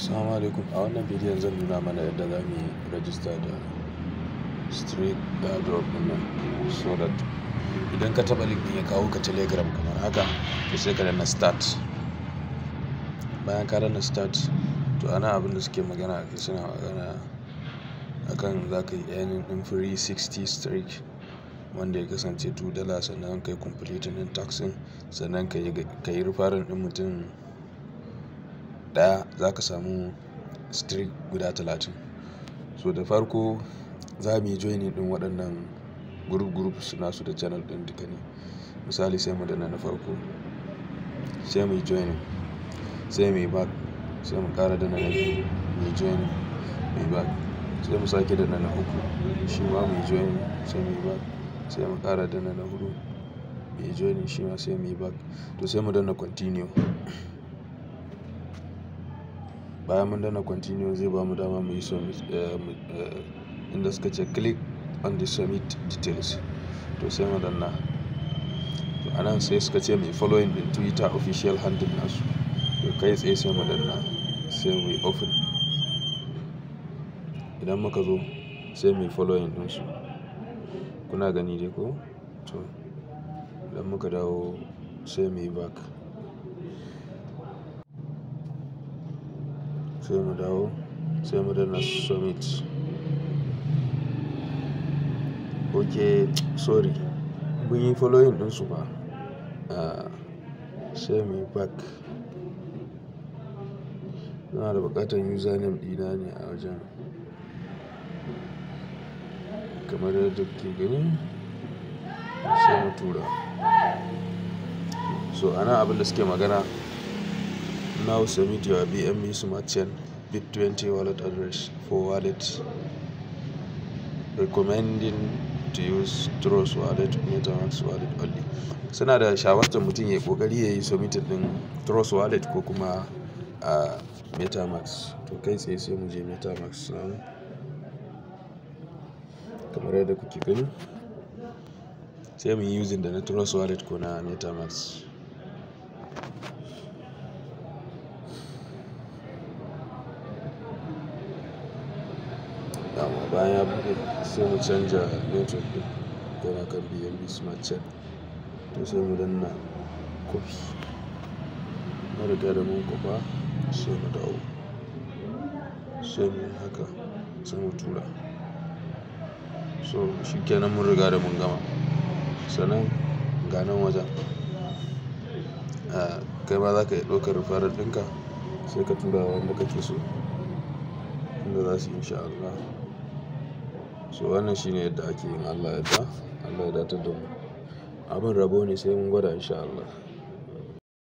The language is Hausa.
Assalamu alaikum a wannan bidiyon zan nuna mana yadda za mu yi rajista da street airdrop na so that idan ka taba link ya kawo ka telegram kamar haka to sai ka danna start bayan ka danna start to ana abin da suke magana suna magana akan za ka yi earning din free 60 streak wanda ya kasance 2 dala sannan ka yi din taxin sannan ka yi rufarin din mutum ɗaya za ka samu string guda talatin so da farko za mu yi joining ɗin waɗannan group group suna su da channel ɗin duka ne misali sai mu danna na farko sai mu yi joining sai mu yi back sai mu ƙara danna na biyu mu yi joining mu yi back sai mu sake danna na uku shi ma mu yi joining sai mu yi back sai mu ƙara danna na hudu mu yi joining shi ma sai mu yi back to sai mu danna continue bayan mun dana continue zai ba eh, mu dama mu yi submit inda suka ce click on the submit details to sai mu danna to anan sai suka ce mai following din twitter official handle nasu to kai tsaye sai mu danna sai mu yi open idan muka zo sai mu following din su kuna gani dai ko to idan muka dawo sai mu yi back sai mu dawo sai mu danna submit ok sorry mun yi din su ba ah, sai mu yi back na da buƙatar username ɗina ne a wajen kamar yadda ke gani sai mu tura so ana abin da suke magana Now submit your BNB Smart Chain bit 20 wallet address for wallet. Recommending to use Trust wallet, MetaMask wallet only. Suna da shawartar mutum ya kokari ya yi submitted din Trust wallet ko kuma a MetaMask. To kai tsaye sai mu je MetaMask namu. Kamar yadda kuke gani. Sai yi using da na Trust wallet ko na MetaMask. amma bayan ya buɗe sai mu canja network ɗin yana kan bnb smart chat to sai mu danna kofi na riga da mun kofa sai mu dawo sai mu haka sai mu tura so shi kenan mun riga da mun gama sannan ganin wajen kai ma za ka yi ɗaukar farar ɗinka sai ka tura wanda kake so inda za su yi insha'Allah. So wannan shine yadda ake yin Allah yadda, Allah ya da da mu. Abin rabo ne sai mun gwada in Allah.